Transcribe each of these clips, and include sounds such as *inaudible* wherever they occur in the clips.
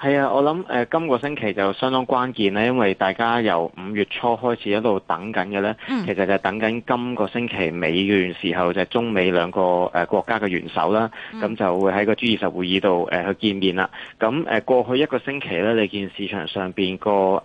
係啊，我諗誒、呃，今個星期就相當關鍵咧，因為大家由五月初開始一路等緊嘅咧，嗯、其實就等緊今個星期尾段時候就是、中美兩個誒、呃、國家嘅元首啦，咁、嗯、就會喺個 G 二十會議度誒、呃、去見面啦。咁誒、呃、過去一個星期咧，你見市場上邊個誒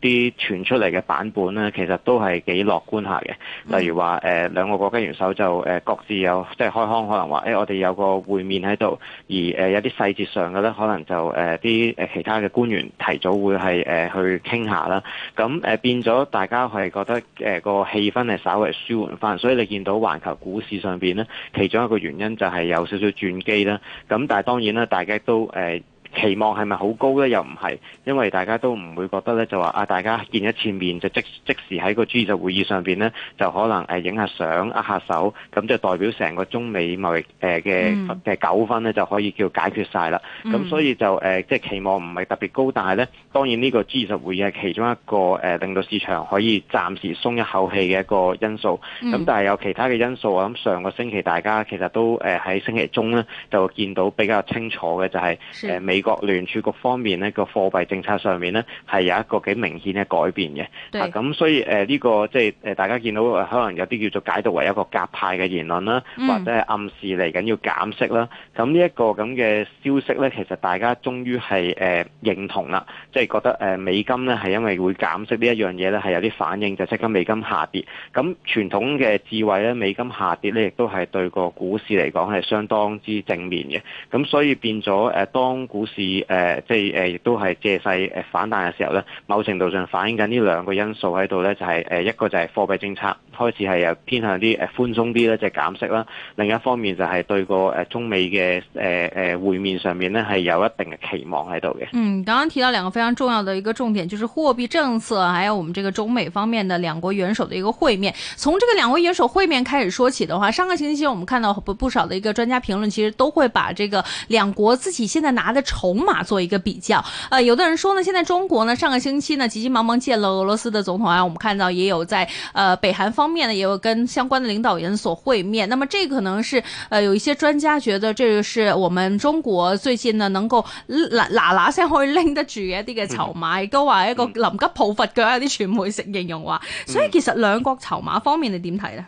啲傳出嚟嘅版本咧，其實都係幾樂觀下嘅。例如話誒兩個國家元首就誒各自有即係、就是、開腔，可能話誒、欸、我哋有個會面喺度，而誒有啲細節上嘅咧，可能就誒啲。呃啲誒其他嘅官員提早會係誒去傾下啦，咁誒變咗大家係覺得誒個氣氛係稍微舒緩翻，所以你見到環球股市上邊咧，其中一個原因就係有少少轉機啦。咁但係當然啦，大家都誒。呃期望係咪好高咧？又唔係，因為大家都唔會覺得咧，就話啊，大家見一次面就即即時喺個 G20 會議上面咧，就可能影下相握下手，咁就代表成個中美貿易誒嘅嘅糾紛咧就可以叫解決晒啦。咁、嗯、所以就即係、呃就是、期望唔係特別高，但係咧當然呢個 G20 會議係其中一個、呃、令到市場可以暫時鬆一口氣嘅一個因素。咁、嗯、但係有其他嘅因素，我諗上個星期大家其實都誒喺、呃、星期中咧就見到比較清楚嘅就係、是、美。各國聯儲局方面呢個貨幣政策上面呢，係有一個幾明顯嘅改變嘅，咁所以誒呢個即係大家見到可能有啲叫做解讀為一個鴿派嘅言論啦，或者係暗示嚟緊要減息啦。咁呢一個咁嘅消息呢，其實大家終於係誒認同啦，即係覺得誒美金呢係因為會減息呢一樣嘢呢，係有啲反應，就即刻美金下跌。咁傳統嘅智慧呢，美金下跌呢，亦都係對個股市嚟講係相當之正面嘅。咁所以變咗誒當股市。是誒，即係，誒，亦都係借勢，誒，反彈嘅時候咧，某程度上反映緊呢兩個因素喺度咧，就係，誒，一個就係貨幣政策，開始係有偏向啲誒寬鬆啲咧，即、就、係、是、減息啦。另一方面就係對個誒中美嘅誒誒會面上面咧，係有一定嘅期望喺度嘅。嗯，剛剛提到兩個非常重要的一個重點，就是貨幣政策，還有我們這個中美方面的兩國元首的一個會面。從這個兩國元首會面開始說起的話，上個星期我們看到不不少嘅一個專家評論，其實都會把這個兩國自己現在拿的籌碼做一個比較。呃，有的人說呢，現在中國呢上個星期呢急急忙忙見了俄羅斯的總統啊，我們看到也有在呃北韓方。面呢也有跟相關的領導人所會面，那麼這可能是，誒、呃，有一些專家覺得，這個是我們中國最近呢能夠，嗱嗱聲可以拎得住嘅一啲嘅籌碼，嗯、亦都話一個臨急抱佛腳，一啲傳媒式形容話、啊，所以其實兩國籌碼方面你點睇呢？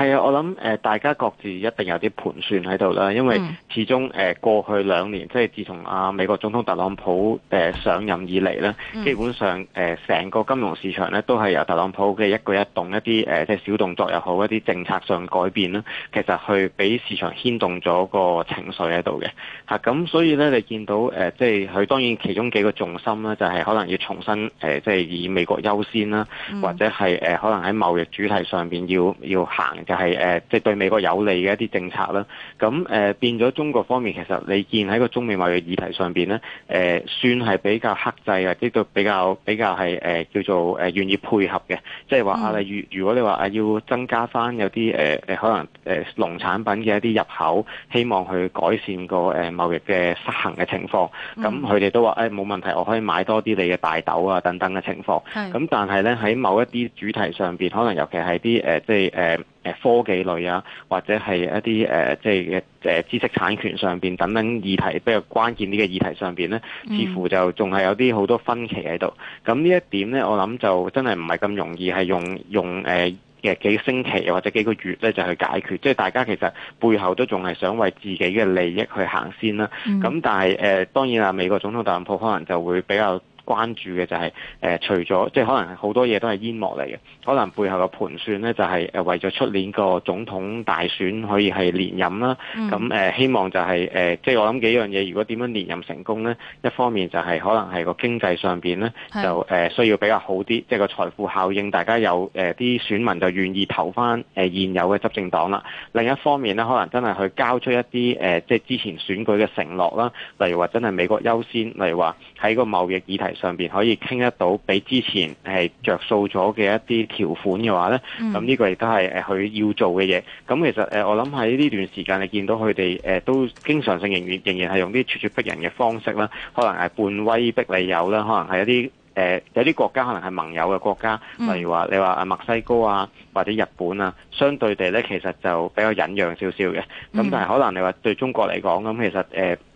係啊，我諗大家各自一定有啲盤算喺度啦，因為始終過去兩年，嗯、即係自從美國總統特朗普上任以嚟咧，嗯、基本上成個金融市場咧都係由特朗普嘅一舉一動，一啲即係小動作又好，一啲政策上改變啦，其實去俾市場牽動咗個情緒喺度嘅嚇。咁所以咧，你見到即係佢當然其中幾個重心咧，就係可能要重新即係以美國優先啦，或者係可能喺貿易主題上面要要行。就係誒，即係對美國有利嘅一啲政策啦。咁誒變咗中國方面，其實你見喺個中美貿易議題上邊，咧，誒算係比較克制嘅，呢都比較比較係誒叫做誒願意配合嘅。即係話啊，例如如果你話啊，要增加翻有啲誒誒可能誒農產品嘅一啲入口，希望去改善個誒貿易嘅失衡嘅情況。咁佢哋都話誒冇問題，我可以買多啲你嘅大豆啊等等嘅情況。咁但係咧喺某一啲主題上邊，可能尤其係啲誒即係誒。誒科技類啊，或者係一啲誒，即係誒知識產權上面等等議題，比較關鍵啲嘅議題上面，咧，似乎就仲係有啲好多分歧喺度。咁呢一點咧，我諗就真係唔係咁容易係用用誒嘅、呃、幾個星期或者幾個月咧就去解決。即係大家其實背後都仲係想為自己嘅利益去行先啦、啊。咁、嗯、但係誒、呃，當然啦，美國總統特朗普可能就會比較。關注嘅就係、是、誒、呃、除咗即係可能好多嘢都係淹幕煙幕嚟嘅，可能背後嘅盤算咧就係、是、誒為咗出年個總統大選可以係連任啦。咁誒、嗯呃、希望就係、是、誒、呃、即係我諗幾樣嘢。如果點樣連任成功咧，一方面就係可能係個經濟上邊咧就誒、呃、需要比較好啲，即係個財富效應大家有誒啲、呃、選民就願意投翻誒現有嘅執政黨啦。另一方面咧，可能真係去交出一啲誒、呃、即係之前選舉嘅承諾啦，例如話真係美國優先，例如話喺個貿易議題。上邊可以傾得到比之前係着數咗嘅一啲條款嘅話呢，咁呢、嗯嗯呢個亦都係誒佢要做嘅嘢。咁、嗯、其實誒，我諗喺呢段時間，你見到佢哋誒都經常性仍然仍然係用啲咄咄逼人嘅方式啦，可能係半威逼利誘啦，可能係一啲誒、呃、有啲國家可能係盟友嘅國家，例如話你話墨西哥啊。或者日本啊，相對地咧，其實就比較忍讓少少嘅。咁但係可能你話對中國嚟講，咁其實誒誒、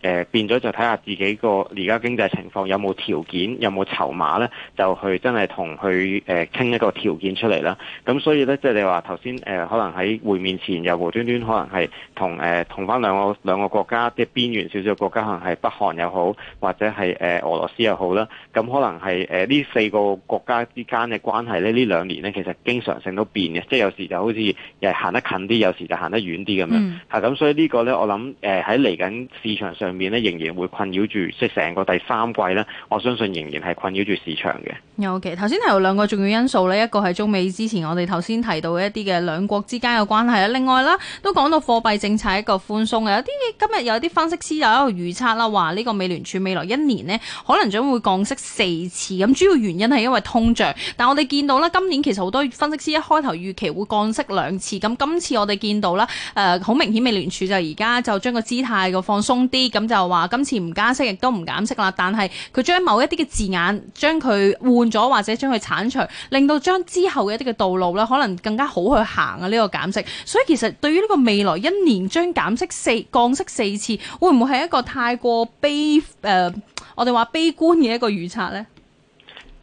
呃呃、變咗就睇下自己個而家經濟情況有冇條件，有冇籌碼咧，就去真係同佢誒傾一個條件出嚟啦。咁所以咧，即係你話頭先誒可能喺會面前又無端端，可能係同誒、呃、同翻兩個兩個國家，即係邊緣少少嘅國家，可能係北韓又好，或者係誒、呃、俄羅斯又好啦。咁可能係誒呢四個國家之間嘅關係咧，呢兩年咧其實經常性都變。即係有時就好似又係行得近啲，有時就行得遠啲咁樣。嚇、嗯，咁所以呢個呢，我諗誒喺嚟緊市場上面呢，仍然會困擾住，即係成個第三季呢，我相信仍然係困擾住市場嘅。有嘅，頭先提到兩個重要因素呢，一個係中美之前我哋頭先提到一啲嘅兩國之間嘅關係啦，另外啦都講到貨幣政策一個寬鬆嘅，有啲今日有啲分析師又喺度預測啦，話呢個美聯儲未來一年呢可能將會降息四次。咁主要原因係因為通脹，但我哋見到啦，今年其實好多分析師一開頭。預期會降息兩次，咁今次我哋見到啦，誒、呃、好明顯，美聯儲就而家就將個姿態個放鬆啲，咁就話今次唔加息亦都唔減息啦。但係佢將某一啲嘅字眼將佢換咗，或者將佢剷除，令到將之後嘅一啲嘅道路咧，可能更加好去行啊！呢、呢個減息，所以其實對於呢個未來一年將減息四降息四次，會唔會係一個太過悲誒、呃？我哋話悲觀嘅一個預測呢？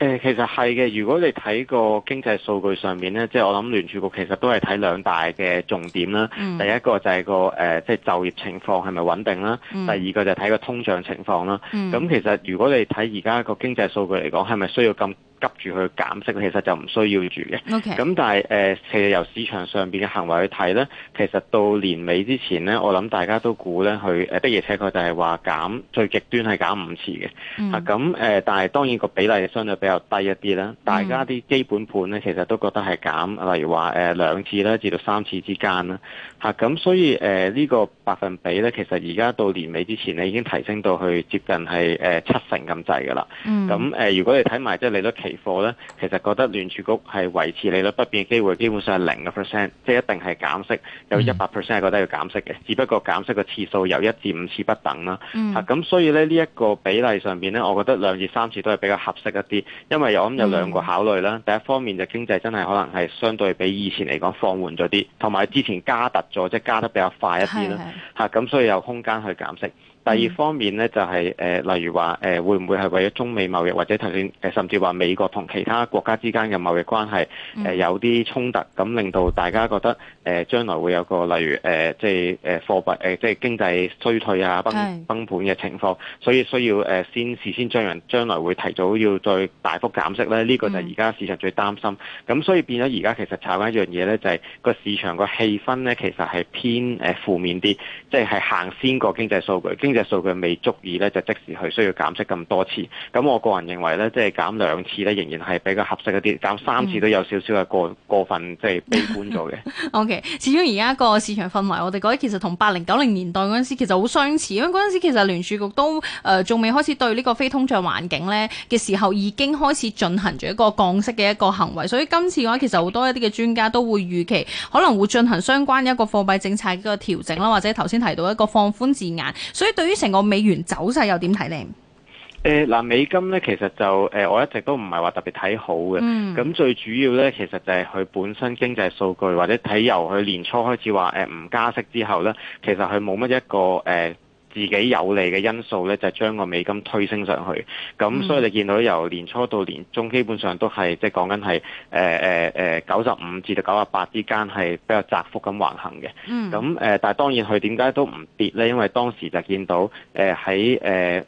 誒，其實係嘅，如果你睇個經濟數據上面咧，即係我諗聯儲局其實都係睇兩大嘅重點啦。嗯、第一個就係個誒，即、呃、係、就係、就業情況係咪穩定啦？嗯、第二個就係睇個通脹情況啦。咁、嗯、其實如果你睇而家個經濟數據嚟講，係咪需要咁？急住去減息，其實就唔需要住嘅。咁 Okay. 但係誒、呃，其實由市場上邊嘅行為去睇咧，其實到年尾之前咧，我諗大家都估咧去誒，的而且確就係話減，最極端係減五次嘅。嚇咁誒，但係當然個比例相對比較低一啲啦。大家啲基本盤咧，其實都覺得係減，嗯、例如話誒、呃、兩次啦，至到三次之間啦。嚇、啊、咁，所以誒呢、呃這個百分比咧，其實而家到年尾之前咧，已經提升到去接近係誒、呃、七成咁滯㗎啦。咁誒、嗯呃，如果你睇埋即係利率期貨咧，其實覺得聯儲局係維持利率不變嘅機會基本上係零嘅 percent，即係一定係減息，有一百 percent 係覺得要減息嘅，嗯、只不過減息嘅次數由一至五次不等啦。嚇、嗯啊，咁所以咧呢一、呢個比例上邊咧，我覺得兩至三次都係比較合適一啲，因為我諗有兩個考慮啦。嗯、第一方面就經濟真係可能係相對比以前嚟講放緩咗啲，同埋之前加突咗，即係加得比較快一啲啦。嚇是是、啊，咁所以有空間去減息。第二方面咧就係誒，例如話誒，會唔會係為咗中美貿易或者就算甚至話美國同其他國家之間嘅貿易關係誒有啲衝突，咁令到大家覺得誒將來會有個例如誒，即係誒貨幣即係經濟衰退啊崩崩盤嘅情況，所以需要誒先事先將人將來會提早要再大幅減息咧，呢個就係而家市場最擔心。咁所以變咗而家其實炒緊一樣嘢咧，就係個市場個氣氛咧，其實係偏誒負面啲，即係行先個經濟數據。呢啲數據未足以咧，就即時去需要減息咁多次。咁我個人認為咧，即係減兩次咧，仍然係比較合適一啲；減三次都有少少係過、嗯、過分，即係悲觀咗嘅。 *laughs* o、okay, K，始終而家個市場氛圍，我哋覺得其實同八零九零年代嗰陣時其實好相似，因為嗰陣時其實聯儲局都誒仲未開始對呢個非通脹環境咧嘅時候，已經開始進行住一個降息嘅一個行為。所以今次嘅話，其實好多一啲嘅專家都會預期可能會進行相關一個貨幣政策嘅一個調整啦，或者頭先提到一個放寬字眼。所以，對於成個美元走勢又點睇呢？誒嗱、呃，美金咧其實就誒、呃、我一直都唔係話特別睇好嘅。咁、嗯、最主要咧，其實就係佢本身經濟數據，或者睇由佢年初開始話誒唔加息之後咧，其實佢冇乜一個誒。呃自己有利嘅因素咧，就是、將個美金推升上去。咁所以你見到由年初到年中，基本上都係即係講緊係誒誒九十五至到九十八之間係比較窄幅咁橫行嘅。咁、嗯呃、但係當然佢點解都唔跌咧？因為當時就見到喺、呃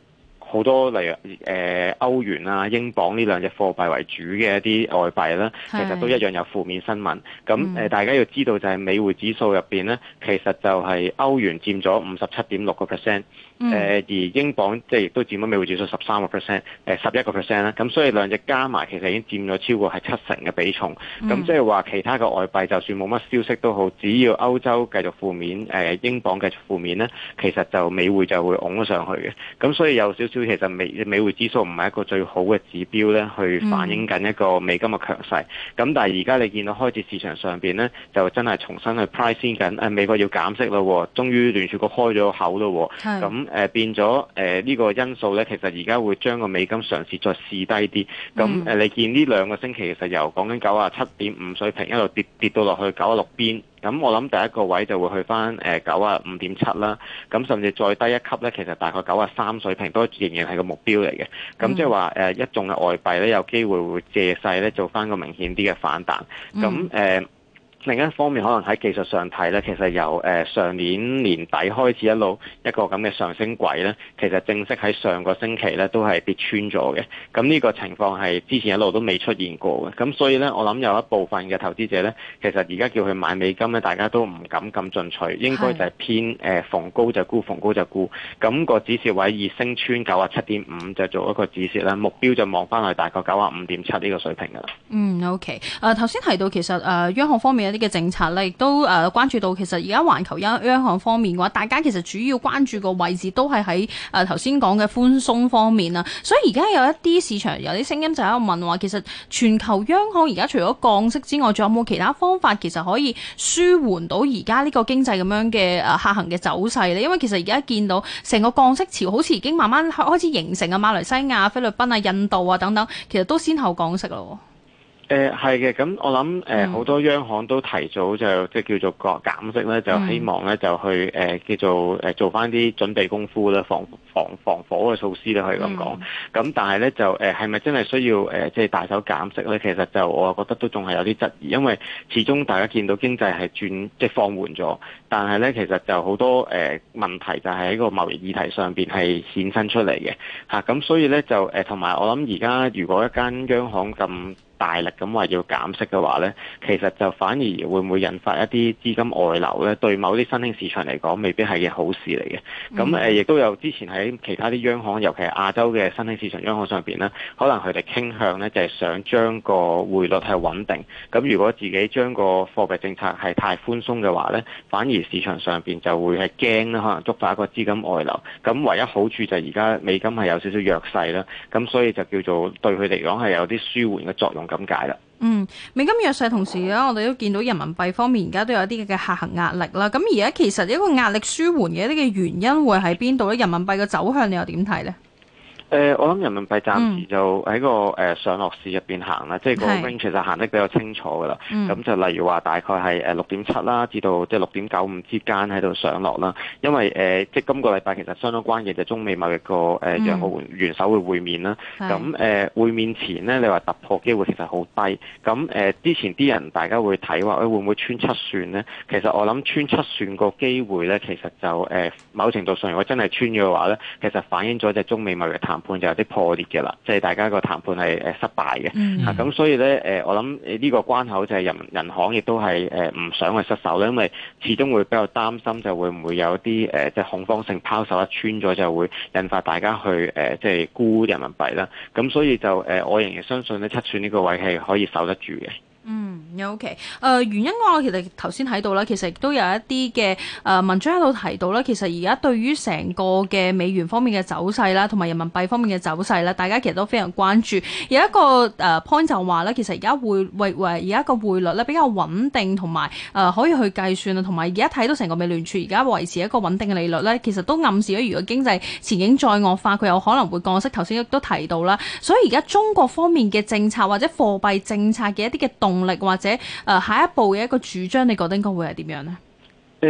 好多例如誒歐元啊、英鎊呢兩隻貨幣為主嘅一啲外幣啦，其實都一樣有負面新聞。咁誒，大家要知道就係美匯指數入邊咧，其實就係歐元佔咗五十七點六個 percent。誒 link、uh, 而英鎊即係亦都佔咗美匯指數十三個 percent，十一個 percent 啦。咁、啊、所以兩隻加埋其實已經佔咗超過係七成嘅比重。咁、uh, uh, 即係話其他嘅外幣就算冇乜消息都好，只要歐洲繼續負面，誒、uh, 英鎊繼續負面咧，其實就美匯就會拱咗上去嘅。咁所以有少少其實美美匯指數唔係一個最好嘅指標咧，去反映緊一個美金嘅強勢。咁、uh. 但係而家你見到開始市場上面咧，就真係重新去 price 先緊、啊，美國要減息喎，終於聯儲局開咗口啦，咁。letter. Yep. 嗯誒、呃、變咗誒呢個因素咧，其實而家會將個美金嘗試再試低啲。咁、嗯、你見呢兩個星期其實由講緊九啊七點五水平，一路跌跌到落去九啊六邊。咁我諗第一個位就會去翻誒九啊五點七啦。咁甚至再低一級咧，其實大概九啊三水平都仍然係個目標嚟嘅。咁即係話一眾嘅外幣咧，有機會會借勢咧，做翻個明顯啲嘅反彈。咁誒、嗯。另一方面，可能喺技術上睇咧，其實由誒、呃、上年年底開始一路一個咁嘅上升軌咧，其實正式喺上個星期咧都係跌穿咗嘅。咁呢個情況係之前一路都未出現過嘅。咁所以咧，我諗有一部分嘅投資者咧，其實而家叫佢買美金咧，大家都唔敢咁進取，應該就係偏誒、呃、逢高就沽，逢高就沽。咁個止蝕位以升穿九啊七點五，就做一個止蝕啦。目標就望翻去大概九啊五點七呢個水平㗎啦。嗯，OK、啊。誒頭先提到其實誒、呃、央行方面。呢個政策咧，亦都誒關注到，其實而家環球央央行方面嘅話，大家其實主要關注個位置都係喺誒頭先講嘅寬鬆方面啊。所以而家有一啲市場有啲聲音就喺度問話，其實全球央行而家除咗降息之外，仲有冇其他方法其實可以舒緩到而家呢個經濟咁樣嘅下行嘅走勢咧？因為其實而家見到成個降息潮好似已經慢慢開始形成啊，馬來西亞、菲律賓啊、印度啊等等，其實都先後降息啦。誒，係嘅，咁我諗誒，好、呃嗯、多央行都提早就即係叫做個減息咧，就希望咧、嗯、就去誒叫、呃、做誒做翻啲準備功夫啦，防防防火嘅措施咧，可以咁講。咁、嗯、但係咧就誒係咪真係需要誒即係大手減息咧？其實就我啊覺得都仲係有啲質疑，因為始終大家見到經濟係轉即係放緩咗，但係咧其實就好多誒、呃、問題就係喺個貿易議題上邊係衍生出嚟嘅吓。咁、啊、所以咧就誒同埋我諗而家如果一間央行咁。大力咁話要減息嘅話呢，其實就反而會唔會引發一啲資金外流呢？對某啲新興市場嚟講，未必係件好事嚟嘅。咁亦都有之前喺其他啲央行，尤其係亞洲嘅新興市場央行上面呢，可能佢哋傾向呢，就係、是、想將個匯率係穩定。咁如果自己將個貨幣政策係太寬鬆嘅話呢，反而市場上面就會係驚啦，可能觸發一個資金外流。咁唯一好處就係而家美金係有少少弱勢啦，咁所以就叫做對佢嚟講係有啲舒緩嘅作用。咁解啦。嗯，美金弱勢同時咧，我哋都見到人民幣方面而家都有一啲嘅下行壓力啦。咁而家其實一個壓力舒緩嘅一啲嘅原因會喺邊度咧？人民幣嘅走向你又點睇咧？誒、呃，我諗人民幣暫時就喺個上落市入邊行啦，嗯、即係個 range 其實行得比較清楚嘅啦。咁、嗯、就例如話，大概係誒六點七啦，至到即係六點九五之間喺度上落啦。因為、呃、即係今個禮拜其實相當關鍵就中美貿易個誒好元首嘅會,會面啦。咁誒是、呃、會面前呢，你話突破機會其實好低。咁誒、呃、之前啲人大家會睇話，誒會唔會穿七算呢？其實我諗穿七算個機會咧，其實就、呃、某程度上如果真係穿嘅話咧，其實反映咗就中美貿易談。判就有啲破裂嘅啦，即、就、係、是、大家個談判係誒失敗嘅，mm hmm. 啊咁所以咧誒、呃，我諗呢個關口就係人、人行亦都係誒唔想去失守咧，因為始終會比較擔心就會唔會有啲誒即係恐慌性拋售一穿咗，就會引發大家去誒即係沽人民幣啦。咁所以就誒、呃，我仍然相信咧，七寸呢個位係可以守得住嘅。嗯、mm。Hmm. o k 誒原因我其實頭先睇到啦，其實都有一啲嘅誒文章喺度提到啦。其實而家對於成個嘅美元方面嘅走勢啦，同埋人民幣方面嘅走勢啦，大家其實都非常關注。有一個誒、呃、point 就話咧，其實而家匯為而家個匯率咧比較穩定，同埋誒可以去計算啊，同埋而家睇到成個美聯儲而家維持一個穩定嘅利率咧，其實都暗示咗如果經濟前景再惡化，佢有可能會降息。頭先都提到啦，所以而家中國方面嘅政策或者貨幣政策嘅一啲嘅動力。或者誒、呃、下一步嘅一個主張，你覺得應該會係點樣咧？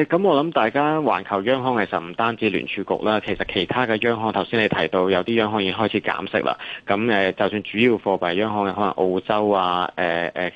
咁，我諗大家環球央行其實唔單止聯儲局啦，其實其他嘅央行頭先你提到有啲央行已經開始減息啦。咁就算主要貨幣央行嘅可能澳洲啊，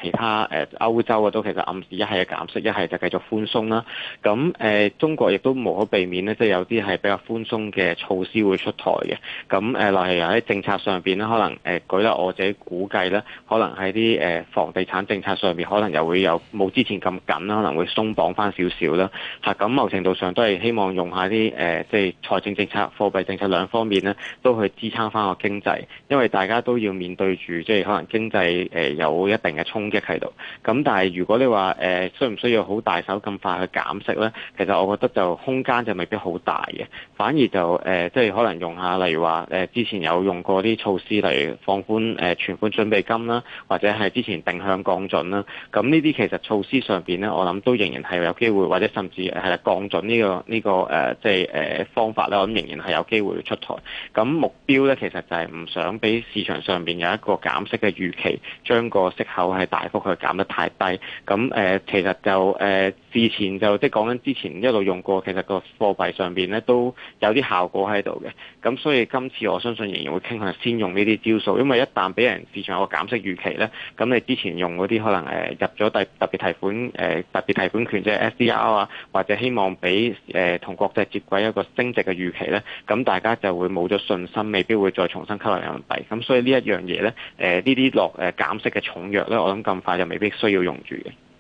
其他歐洲啊，都其實暗示一係減息，一係就繼續寬鬆啦。咁中國亦都無可避免咧，即係有啲係比較寬鬆嘅措施會出台嘅。咁誒，例如喺政策上面咧，可能舉得我自己估計咧，可能喺啲房地產政策上面，可能又會有冇之前咁緊啦，可能會鬆綁翻少少啦。咁某程度上都係希望用下啲即係財政政策、貨幣政策兩方面咧，都去支撐翻個經濟，因為大家都要面對住即係可能經濟、呃、有一定嘅衝擊喺度。咁但係如果你話、呃、需唔需要好大手咁快去減息咧？其實我覺得就空間就未必好大嘅，反而就即係、呃即係、可能用下，例如話之前有用過啲措施嚟放寬誒、呃、存款準備金啦，或者係之前定向降準啦。咁呢啲其實措施上面咧，我諗都仍然係有機會，或者甚至。係啦，降準呢、呢個呢、呢個誒，即係誒方法呢我諗仍然係有機會出台。咁目標咧，其實就係唔想俾市場上邊有一個減息嘅預期，將個息口係大幅去減得太低。咁誒、呃，其實就誒、呃、之前就即係講緊之前一路用過，其實個貨幣上邊咧都有啲效果喺度嘅。咁所以今次我相信仍然會傾向先用呢啲招數，因為一旦俾人市場有個減息預期咧，咁你之前用嗰啲可能誒入咗特特別提款誒、呃、特別提款權即係 SDR 啊。或者希望俾誒同國際接軌一個升值嘅預期咧，咁大家就會冇咗信心，未必會再重新吸入人民幣。咁所以呢一樣嘢咧，誒呢啲落誒減息嘅重藥咧，我諗咁快就未必需要用住嘅。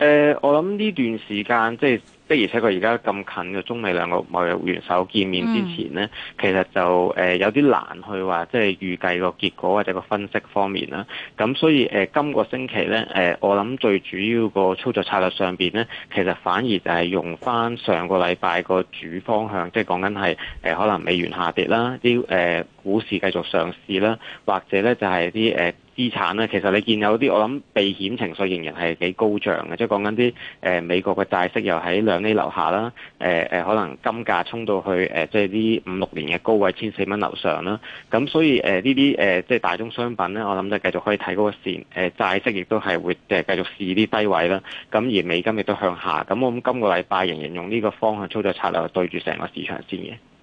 誒、呃，我諗呢段時間，即係的而且佢而家咁近嘅中美兩個貿易元首見面之前呢，嗯、其實就誒、呃、有啲難去話即係預計個結果或者個分析方面啦。咁所以誒、呃，今個星期呢，誒、呃、我諗最主要個操作策略上面呢，其實反而就係用翻上個禮拜個主方向，即係講緊係可能美元下跌啦，啲誒、呃、股市繼續上市啦，或者呢就係啲誒。呃資產咧，其實你見有啲我諗避險情緒仍然係幾高漲嘅，即係講緊啲誒美國嘅債息又喺兩厘樓下啦，誒、呃、誒可能金價衝到去誒、呃、即係啲五六年嘅高位千四蚊樓上啦，咁所以誒呢啲誒即係大宗商品咧，我諗就繼續可以睇嗰個線，誒、呃、債息亦都係會誒、就是、繼續試啲低位啦，咁而美金亦都向下，咁我諗今個禮拜仍然用呢個方向操作策略對住成個市場先嘅。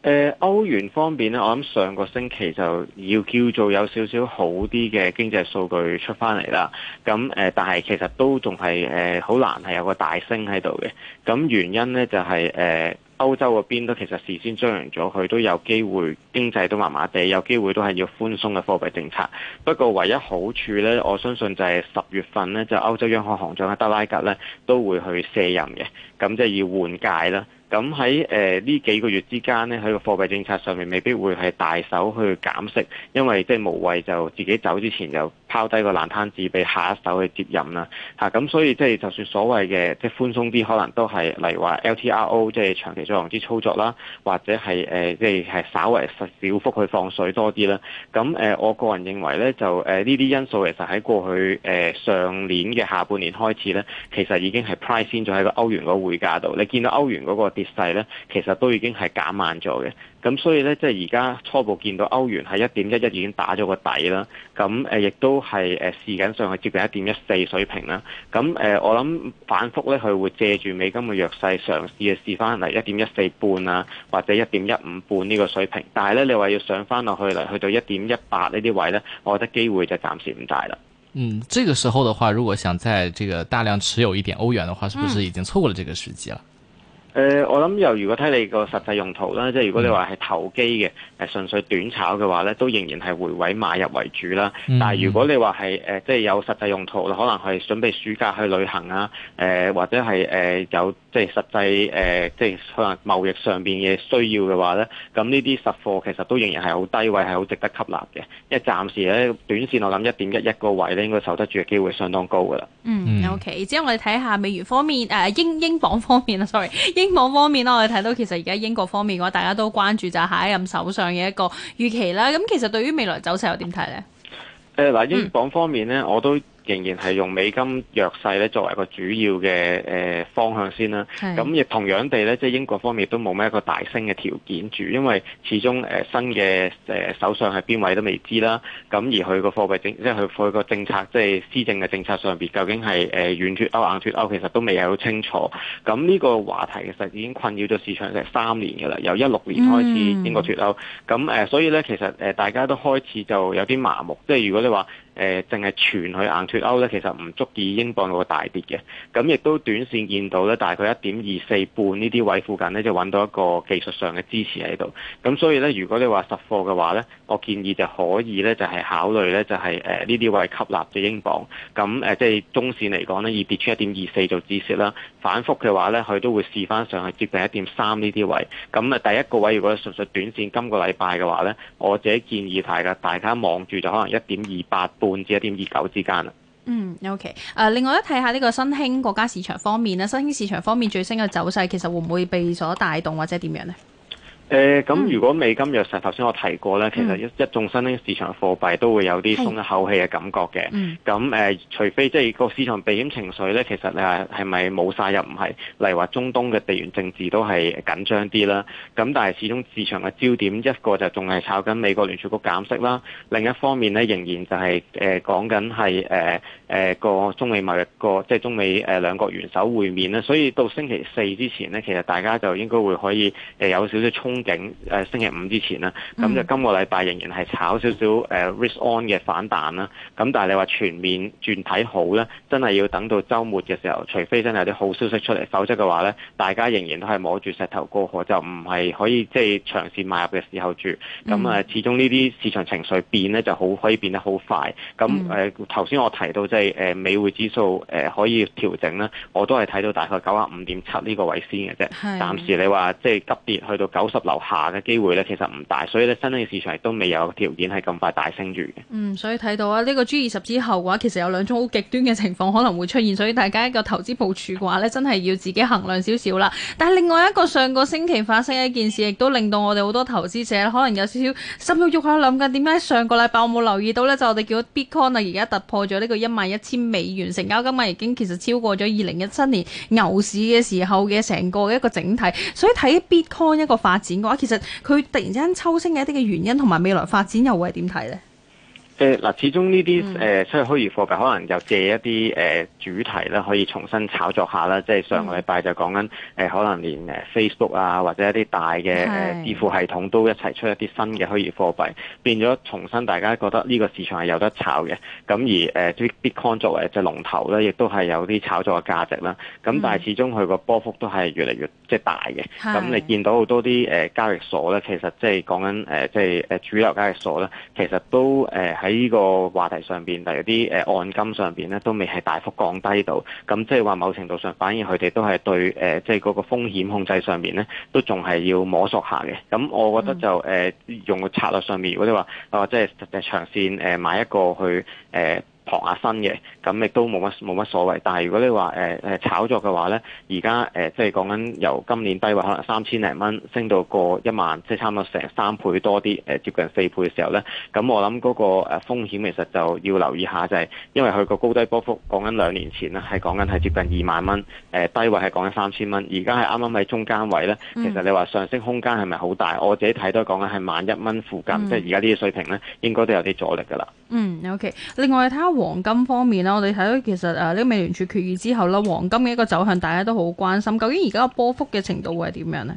誒、呃、歐元方面咧，我諗上個星期就要叫做有少少好啲嘅經濟數據出翻嚟啦。咁、呃、但係其實都仲係誒好難係有個大升喺度嘅。咁原因咧就係、是、誒、呃、歐洲嗰邊都其實事先張揚咗，佢都有機會經濟都麻麻地，有機會都係要寬鬆嘅貨幣政策。不過唯一好處咧，我相信就係十月份咧就歐洲央行行長阿德拉格咧都會去卸任嘅，咁即係要換屆啦。咁喺誒呢幾個月之間咧，喺個貨幣政策上面未必會係大手去減息，因為即係無謂就自己走之前就，拋低個爛攤子俾下一手去接任啦，咁、啊、所以即係就算所謂嘅即係寬鬆啲，可能都係例如話 L T R O 即係長期再融資操作啦，或者係即係稍微小幅去放水多啲啦。咁、呃、我個人認為咧，就誒呢啲因素其實喺過去誒、呃、上年嘅下半年開始咧，其實已經係 pricing 咗喺個歐元個匯價度，你見到歐元嗰個跌勢咧，其實都已經係減慢咗嘅。咁所以咧，即係而家初步見到歐元喺一點一一已經打咗個底啦。咁誒，亦都係誒試緊上去接近一點一四水平啦。咁誒，我諗反覆咧，佢會借住美金嘅弱勢嘗試去試翻嚟一點一四半啊，或者一點一五半呢個水平。但係咧，你話要上翻落去嚟，去到一點一八呢啲位咧，我覺得機會就暫時唔大啦。嗯，這個時候的話，如果想再這個大量持有一點歐元的話，是不是已經錯過了這個時機了？嗯這個誒、呃，我諗又，如果睇你個實際用途啦，即係如果你話係投機嘅，誒純、嗯、粹短炒嘅話咧，都仍然係回位買入為主啦。嗯、但係如果你話係誒，即係有實際用途，可能係準備暑假去旅行啊，誒、呃、或者係誒有即係實際誒，即係、呃、可能貿易上邊嘅需要嘅話咧，咁呢啲實貨其實都仍然係好低位，係好值得吸納嘅。因為暫時咧，短線我諗一點一一個位咧，應該受得住嘅機會相當高噶啦。嗯，OK。之、嗯、後我哋睇下美元方面，誒、啊、英英鎊方面啊，sorry，英英鎊方面咧，我哋睇到其實而家英國方面嘅話，大家都關注就係下一任首相嘅一個預期啦。咁其實對於未來走勢又點睇咧？誒，嗱，英鎊方面咧，我都。仍然係用美金弱勢咧作為一個主要嘅誒方向先啦，啊。咁亦是同樣地咧，即係英國方面都冇咩一個大升嘅條件住，因為始終誒新嘅誒首相係邊位都未知啦。咁而佢個貨幣政即係佢佢個政策，即係施政嘅政策上邊，究竟係誒軟脱歐、硬脱歐，其實都未有好清楚。咁呢個話題其實已經困擾咗市場成三年嘅啦，由一六年開始英國脱歐。咁誒、嗯，所以咧其實誒大家都開始就有啲麻木。即係如果你話，誒，淨係、呃、傳佢硬脱歐咧，其實唔足以英鎊個大跌嘅。咁亦都短線見到咧，大概一點二四半呢啲位附近咧，就揾到一個技術上嘅支持喺度。咁所以咧，如果你話實貨嘅話咧，我建議就可以咧，就係、是、考慮咧，就係誒呢啲位吸納咗英鎊。咁誒、呃，即係中線嚟講咧，以跌穿一點二四做止蝕啦。反覆嘅話咧，佢都會試翻上去接近一點三呢啲位。咁啊，第一個位如果純粹短線今個禮拜嘅話咧，我自己建議大家，大家望住就可能一點二八半至一點二九之間啦。嗯，OK。誒，uh，另外咧，睇下呢個新興國家市場方面咧，新興市場方面最新嘅走勢，其實會唔會被所帶動或者點樣呢？誒咁，呃、如果美金弱勢，頭先、嗯、我提過咧，其實一一眾新興市場貨幣都會有啲鬆一口氣嘅感覺嘅。咁誒、嗯呃，除非即係個市場避險情緒咧，其實你係係咪冇晒入？又唔係？例如話，中東嘅地緣政治都係緊張啲啦。咁但係始終市場嘅焦點一個就仲係炒緊美國聯儲局減息啦。另一方面咧，仍然就係、是、誒、呃、講緊係誒誒中美貿易個即係中美誒、呃、兩國元首會面啦。所以到星期四之前咧，其實大家就應該會可以有少少衝。景，誒星期五之前啦，咁就今個禮拜仍然係炒少少誒 risk on 嘅反彈啦。咁但係你話全面轉睇好咧，真係要等到週末嘅時候，除非真係有啲好消息出嚟，否則嘅話咧，大家仍然都係摸住石頭過河，就唔係可以即係、就是、長線買入嘅時候住。咁啊，始終呢啲市場情緒變咧就好，可以變得好快。咁誒頭先我提到即係誒美匯指數誒、呃、可以調整啦，我都係睇到大概九十五點七呢個位先嘅啫。暫時你話即係急跌去到九十。留下嘅機會咧，其實唔大，所以咧新興市場都未有條件係咁快大升住嘅。嗯，所以睇到啊，呢個 G 二十之後嘅話，其實有兩種好極端嘅情況可能會出現，所以大家一個投資部署嘅話咧，真係要自己衡量少少啦。但係另外一個上個星期發生嘅一件事，亦都令到我哋好多投資者可能有少少心喐喐喺度諗緊，點解上個禮拜我冇留意到咧？就我哋叫 Bitcoin 啊，而家突破咗呢個一萬一千美元成交金額，已經其實超過咗二零一七年牛市嘅時候嘅成個的一個整體。所以睇 Bitcoin 一個發展嘅話，其實佢突然之間抽升嘅一啲嘅原因，同埋未來發展又會係點睇咧？誒嗱，始終呢啲誒即係虛擬貨幣，可能就借一啲誒主題啦，可以重新炒作下啦。嗯、即係上個禮拜就講緊誒，可能連誒 Facebook 啊，或者一啲大嘅誒支付系統都一齊出一啲新嘅虛擬貨幣，是變咗重新大家覺得呢個市場係有得炒嘅。咁而誒，Bitcoin 作為隻龍頭咧，亦都係有啲炒作嘅價值啦。咁、嗯、但係始終佢個波幅都係越嚟越即係大嘅。咁是你見到好多啲誒交易所咧，其實即係講緊誒，即係誒主流交易所咧，其實都誒係。呃喺呢個話題上邊，例如啲誒按金上邊咧，都未係大幅降低到，咁即係話某程度上，反而佢哋都係對誒，即係嗰個風險控制上面咧，都仲係要摸索下嘅。咁我覺得就誒，嗯、用個策略上面，如果你話啊，即、就、係、是、長線誒買一個去誒。防下新嘅，咁亦都冇乜冇乜所謂。但如果你、呃、話誒炒作嘅話咧，而家即係講緊由今年低位可能三千零蚊升到個一萬，即、就、係、是、差唔多成三倍多啲、呃，接近四倍嘅時候咧，咁我諗嗰個風險其實就要留意下、就是，就係因為佢個高低波幅講緊兩年前呢，係講緊係接近二萬蚊、呃，低位係講緊三千蚊，而家係啱啱喺中間位咧，其實你話上升空間係咪好大？Mm. 我自己睇都講緊係萬一蚊附近，即係而家呢啲水平咧，應該都有啲阻力㗎啦。嗯，OK。另外睇下黃金方面啦，我哋睇到其實誒，呢、啊這個美聯儲決議之後啦，黃金嘅一個走向，大家都好關心。究竟而家個波幅嘅程度會係點樣呢？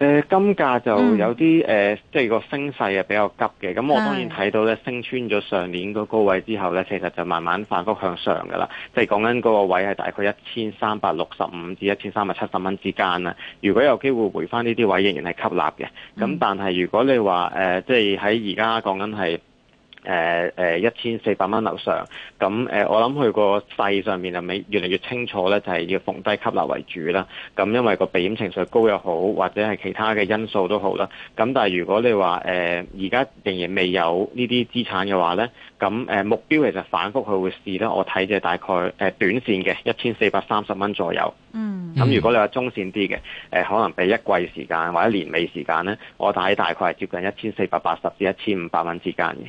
誒、呃，金價就有啲誒，即係、嗯呃就是、個升勢係，比較急嘅。咁我當然睇到咧，升穿咗上年個高位之後咧，其實就慢慢反覆向上噶啦。即係講緊嗰個位係大概一千三百六十五至一千三百七十蚊之間啦。如果有機會回翻呢啲位，仍然係吸納嘅。咁但係如果你話誒，即係喺而家講緊係。就是在誒誒一千四百蚊樓上，咁誒、呃、我諗佢個勢上面就未越嚟越清楚咧，就係、是、要逢低吸納為主啦。咁因為個避險情緒高又好，或者係其他嘅因素都好啦。咁但係如果你話誒而家仍然未有呢啲資產嘅話咧，咁、呃、目標其實反覆佢會試咧。我睇嘅大概、呃、短線嘅一千四百三十蚊左右。嗯。咁如果你話中線啲嘅、呃，可能俾一季時間或者年尾時間咧，我睇大概係接近一千四百八十至一千五百蚊之間嘅。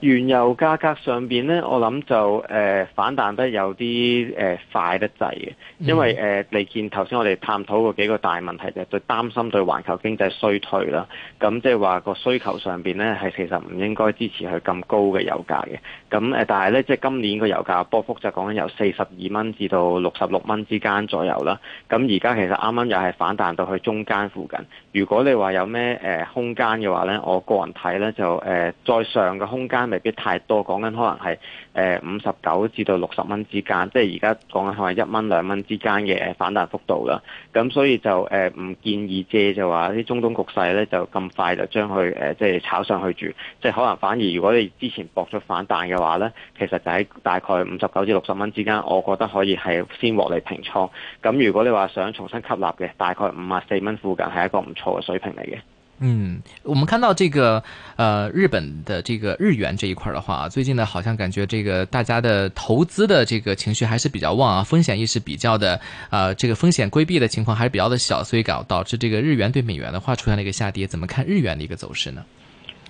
原油價格上面咧，我諗就誒、呃、反彈得有啲誒、呃、快得滯嘅，因為誒、呃、你見頭先我哋探討過幾個大問題，就係對擔心對環球經濟衰退啦。咁即係話個需求上面咧，係其實唔應該支持佢咁高嘅油價嘅。咁但係咧，即係今年個油價波幅就講緊由四十二蚊至到六十六蚊之間左右啦。咁而家其實啱啱又係反彈到去中間附近。如果你話有咩、呃、空間嘅話咧，我個人睇咧就誒再、呃、上嘅空間未必太多，講緊可能係誒五十九至到六十蚊之間，即係而家講緊係一蚊兩蚊之間嘅反彈幅度啦。咁所以就誒唔建議借就話啲中東局勢咧就咁快就將佢誒即係炒上去住，即係可能反而如果你之前博咗反彈嘅話咧，其實就喺大概五十九至六十蚊之間，我覺得可以係先獲利平倉。咁如果你話想重新吸納嘅，大概五啊四蚊附近係一個唔錯嘅水平嚟嘅。嗯，我們看到這個，呃，日本的這個日元這一塊的話，最近呢，好像感覺這個大家的投資的這個情緒還是比較旺啊，風險意識比較的，呃，這個風險規避的情況還是比較的小，所以搞導致這個日元對美元的話出現了一個下跌。怎麼看日元的一個走勢呢？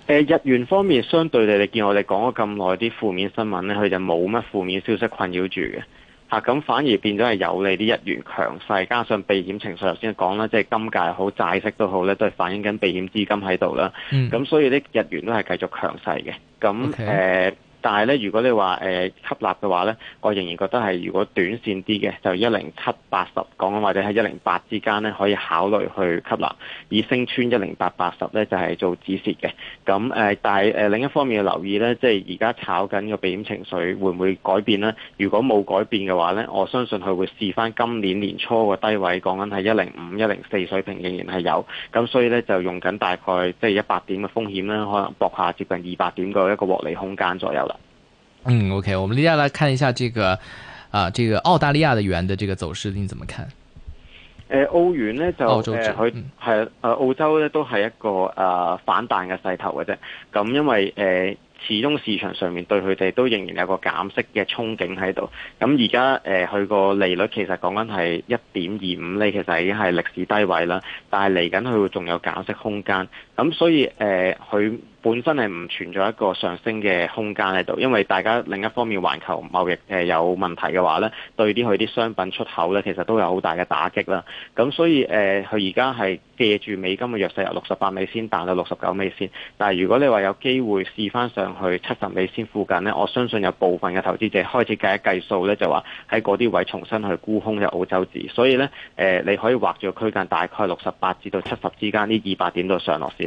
呃，日元方面相對地，你見我哋講咗咁耐啲負面新聞呢，佢就冇乜負面消息困擾住嘅。嚇，咁反而變咗係有利啲日元強勢，加上避險情緒，頭先講啦，即係金價好、債息都好咧，都係反映緊避險資金喺度啦。咁、嗯、所以啲日元都係繼續強勢嘅。咁、嗯、誒。Okay. 但係咧，如果你話誒吸納嘅話咧，我仍然覺得係如果短線啲嘅，就一零七八十講緊，或者係一零八之間咧，可以考慮去吸納。以升穿一零八八十咧，就係做止蝕嘅。咁誒，但係另一方面要留意咧，即係而家炒緊個避險情緒會唔會改變咧？如果冇改變嘅話咧，我相信佢會試翻今年年初個低位，講緊係一零五一零四水平，仍然係有。咁所以咧，就用緊大概即係一百點嘅風險啦，可能博下接近二百點嘅一個獲利空間左右啦。嗯，OK，我們接下來看一下這個，啊、呃，這個澳大利亞的元的這個走勢，你怎麼看？澳元呢？就佢係澳洲呢，嗯、洲都係一個誒反彈嘅勢頭嘅啫。咁因為誒、呃、始終市場上面對佢哋都仍然有個減息嘅憧憬喺度。咁而家誒佢個利率其實講緊係一點二五厘，其實已經係歷史低位啦。但係嚟緊佢會仲有減息空間。咁所以誒，佢、呃、本身係唔存在一個上升嘅空間喺度，因為大家另一方面，環球貿易誒、呃、有問題嘅話咧，對啲佢啲商品出口咧，其實都有好大嘅打擊啦。咁所以誒，佢而家係借住美金嘅弱勢由六十八美先彈到六十九美先。但係如果你話有機會試翻上去七十美先附近呢，我相信有部分嘅投資者開始計一計數咧，就話喺嗰啲位重新去沽空隻澳洲紙。所以咧誒、呃，你可以畫住個區間，大概六十八至到七十之間呢二百點度上落線。